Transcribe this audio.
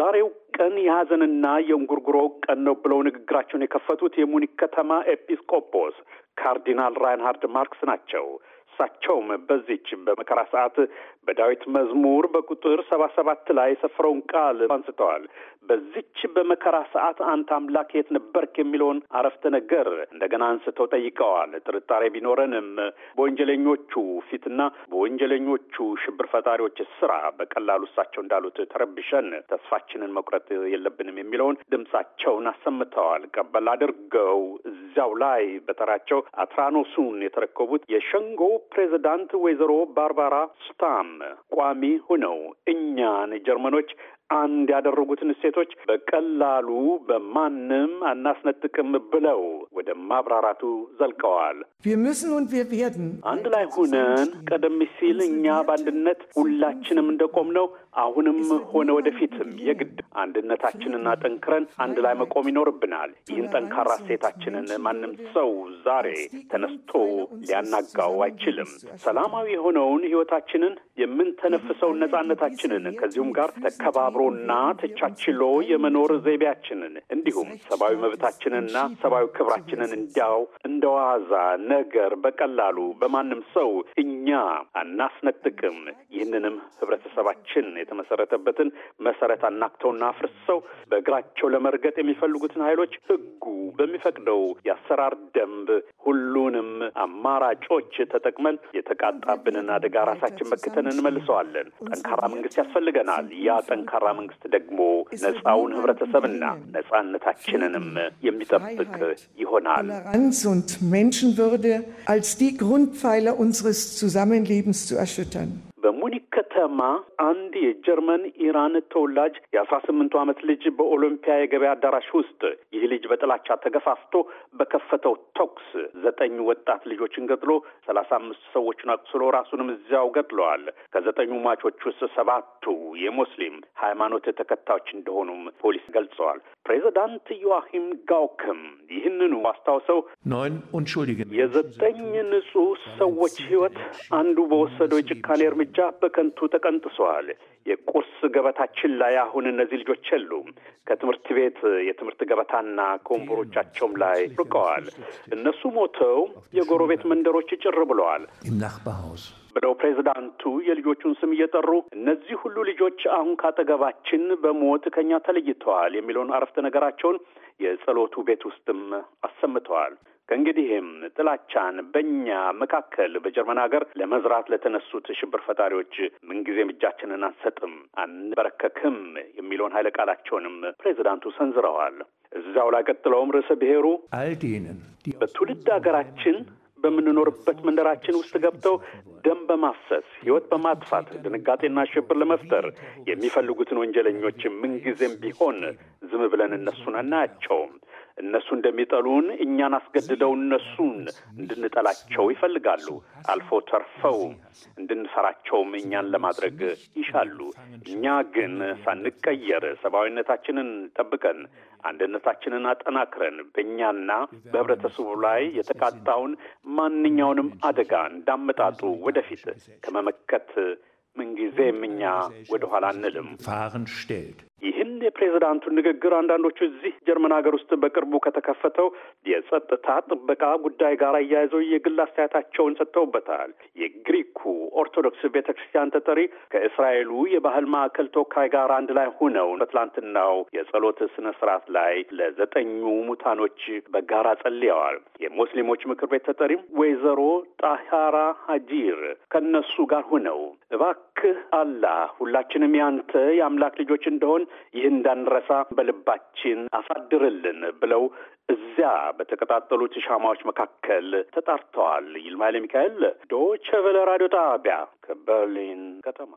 ዛሬው ቀን የሐዘንና የእንጉርጉሮ ቀን ነው ብለው ንግግራቸውን የከፈቱት የሙኒክ ከተማ ኤጲስቆጶስ ካርዲናል ራይንሃርድ ማርክስ ናቸው። እሳቸውም በዚች በመከራ ሰዓት በዳዊት መዝሙር በቁጥር ሰባ ሰባት ላይ የሰፈረውን ቃል አንስተዋል። በዚች በመከራ ሰዓት አንተ አምላክ የት ነበርክ የሚለውን አረፍተ ነገር እንደገና አንስተው ጠይቀዋል። ጥርጣሬ ቢኖረንም በወንጀለኞቹ ፊትና በወንጀለኞቹ ሽብር ፈጣሪዎች ስራ በቀላሉ እሳቸው እንዳሉት ተረብሸን ተስፋችንን መቁረጥ የለብንም የሚለውን ድምጻቸውን አሰምተዋል። ቀበል አድርገው እዚያው ላይ በተራቸው አትራኖሱን የተረከቡት የሸንጎ ፕሬዚዳንት ወይዘሮ ባርባራ ስታም ቋሚ ሆነው እኛን ጀርመኖች አንድ ያደረጉትን እሴቶች በቀላሉ በማንም አናስነጥቅም ብለው ወደ ማብራራቱ ዘልቀዋል። አንድ ላይ ሁነን ቀደም ሲል እኛ በአንድነት ሁላችንም እንደቆም ነው አሁንም ሆነ ወደፊትም የግድ አንድነታችንን አጠንክረን አንድ ላይ መቆም ይኖርብናል። ይህን ጠንካራ እሴታችንን ማንም ሰው ዛሬ ተነስቶ ሊያናጋው አይችልም። ሰላማዊ የሆነውን ሕይወታችንን የምንተነፍሰውን ነጻነታችንን ከዚሁም ጋር ተከባብሮ አብሮና ተቻችሎ የመኖር ዘይቤያችንን እንዲሁም ሰብአዊ መብታችንና ሰብአዊ ክብራችንን እንዲያው እንደ ዋዛ ነገር በቀላሉ በማንም ሰው እኛ አናስነጥቅም። ይህንንም ህብረተሰባችን የተመሰረተበትን መሰረት አናክተውና አፍርሰው በእግራቸው ለመርገጥ የሚፈልጉትን ኃይሎች ህጉ በሚፈቅደው የአሰራር ደንብ ሁሉንም አማራጮች ተጠቅመን የተቃጣብንን አደጋ ራሳችን መክተን እንመልሰዋለን። ጠንካራ መንግስት ያስፈልገናል። ያ ጠንካራ መንግስት ደግሞ ነፃውን ህብረተሰብና ነፃነታችንንም የሚጠብቅ ይሆናል። Toleranz und Menschenwürde als die Grundpfeiler unseres Zusammenlebens zu erschüttern. በሙኒክ ከተማ አንድ የጀርመን ኢራን ተወላጅ የአስራ ስምንቱ ዓመት ልጅ በኦሎምፒያ የገበያ አዳራሽ ውስጥ ይህ ልጅ በጥላቻ ተገፋፍቶ በከፈተው ተኩስ ዘጠኝ ወጣት ልጆችን ገድሎ ሰላሳ አምስት ሰዎችን አቁስሎ ራሱንም እዚያው ገድለዋል። ከዘጠኙ ሟቾች ውስጥ ሰባቱ የሙስሊም ሃይማኖት ተከታዮች እንደሆኑም ፖሊስ ገልጸዋል። ፕሬዚዳንት ዮዋሂም ጋውክም ይህንኑ አስታውሰው የዘጠኝ ንጹህ ሰዎች ህይወት አንዱ በወሰደው የጭካኔ እርምጃ በከንቱ ትምህርቱ ተቀንጥሷል። የቁርስ ገበታችን ላይ አሁን እነዚህ ልጆች የሉም። ከትምህርት ቤት የትምህርት ገበታና ከወንበሮቻቸውም ላይ ርቀዋል። እነሱ ሞተው የጎረቤት መንደሮች ጭር ብለዋል ብለው ፕሬዚዳንቱ የልጆቹን ስም እየጠሩ እነዚህ ሁሉ ልጆች አሁን ካጠገባችን በሞት ከኛ ተለይተዋል የሚለውን አረፍተ ነገራቸውን የጸሎቱ ቤት ውስጥም አሰምተዋል። እንግዲህም ጥላቻን በእኛ መካከል በጀርመን ሀገር ለመዝራት ለተነሱት ሽብር ፈጣሪዎች ምንጊዜም እጃችንን አንሰጥም፣ አንበረከክም የሚለውን ኃይለ ቃላቸውንም ፕሬዚዳንቱ ሰንዝረዋል። እዛው ላይ ቀጥለውም ርዕሰ ብሔሩ በትውልድ ሀገራችን በምንኖርበት መንደራችን ውስጥ ገብተው ደም በማፍሰስ ሕይወት በማጥፋት ድንጋጤና ሽብር ለመፍጠር የሚፈልጉትን ወንጀለኞች ምንጊዜም ቢሆን ዝም ብለን እነሱን አናያቸውም። እነሱ እንደሚጠሉን እኛን አስገድደው እነሱን እንድንጠላቸው ይፈልጋሉ። አልፎ ተርፈው እንድንሰራቸውም እኛን ለማድረግ ይሻሉ። እኛ ግን ሳንቀየር ሰብአዊነታችንን ጠብቀን አንድነታችንን አጠናክረን በእኛና በህብረተሰቡ ላይ የተቃጣውን ማንኛውንም አደጋ እንዳመጣጡ ወደፊት ከመመከት ምንጊዜም እኛ ወደኋላ አንልም። ይህ የፕሬዚዳንቱ ንግግር አንዳንዶቹ እዚህ ጀርመን ሀገር ውስጥ በቅርቡ ከተከፈተው የጸጥታ ጥበቃ ጉዳይ ጋር አያይዘው የግል አስተያየታቸውን ሰጥተውበታል። የግሪኩ ኦርቶዶክስ ቤተ ክርስቲያን ተጠሪ ከእስራኤሉ የባህል ማዕከል ተወካይ ጋር አንድ ላይ ሆነው በትላንትናው የጸሎት ስነ ስርዓት ላይ ለዘጠኙ ሙታኖች በጋራ ጸልየዋል። የሙስሊሞች ምክር ቤት ተጠሪም ወይዘሮ ጣሃራ ሀጂር ከነሱ ጋር ሆነው እባክህ አላህ ሁላችንም ያንተ የአምላክ ልጆች እንደሆን ይህ እንዳንረሳ በልባችን አሳድርልን ብለው እዚያ በተቀጣጠሉት ሻማዎች መካከል ተጣርተዋል። ይልማ ኃይለ ሚካኤል ዶቼ ራዲዮ ጣቢያ ከበርሊን ከተማ